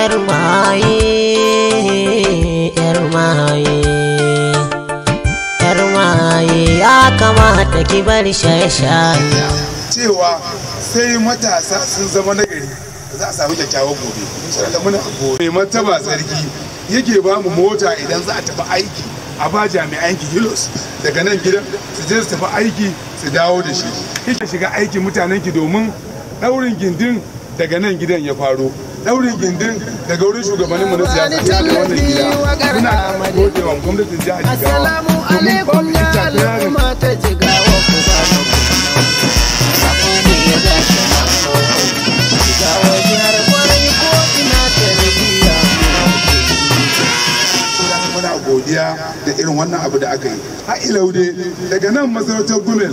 yar maye yar maye yar maye ya kamata ki bar shaye-shaye cewa sai matasa sun zama nagari za a samu kyakkyawan gobe sanata muna gobe mataba sarki yake ba mu mota idan za a tafi aiki a ba jami'an kilos daga nan gidan su je su tafi aiki su dawo da shi kike shiga aikin mutanen ki domin daurin gindin daga nan gidan ya faro daurin gindin daga wurin shugabanninmu na siyasa ya da wannan gida muna gode wa gwamnatin jihar jigawa domin ba mu ita ta yaran godiya da irin wannan abu da aka yi ha ilaude daga nan masarautar gumel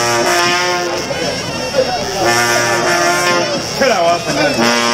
力を合わて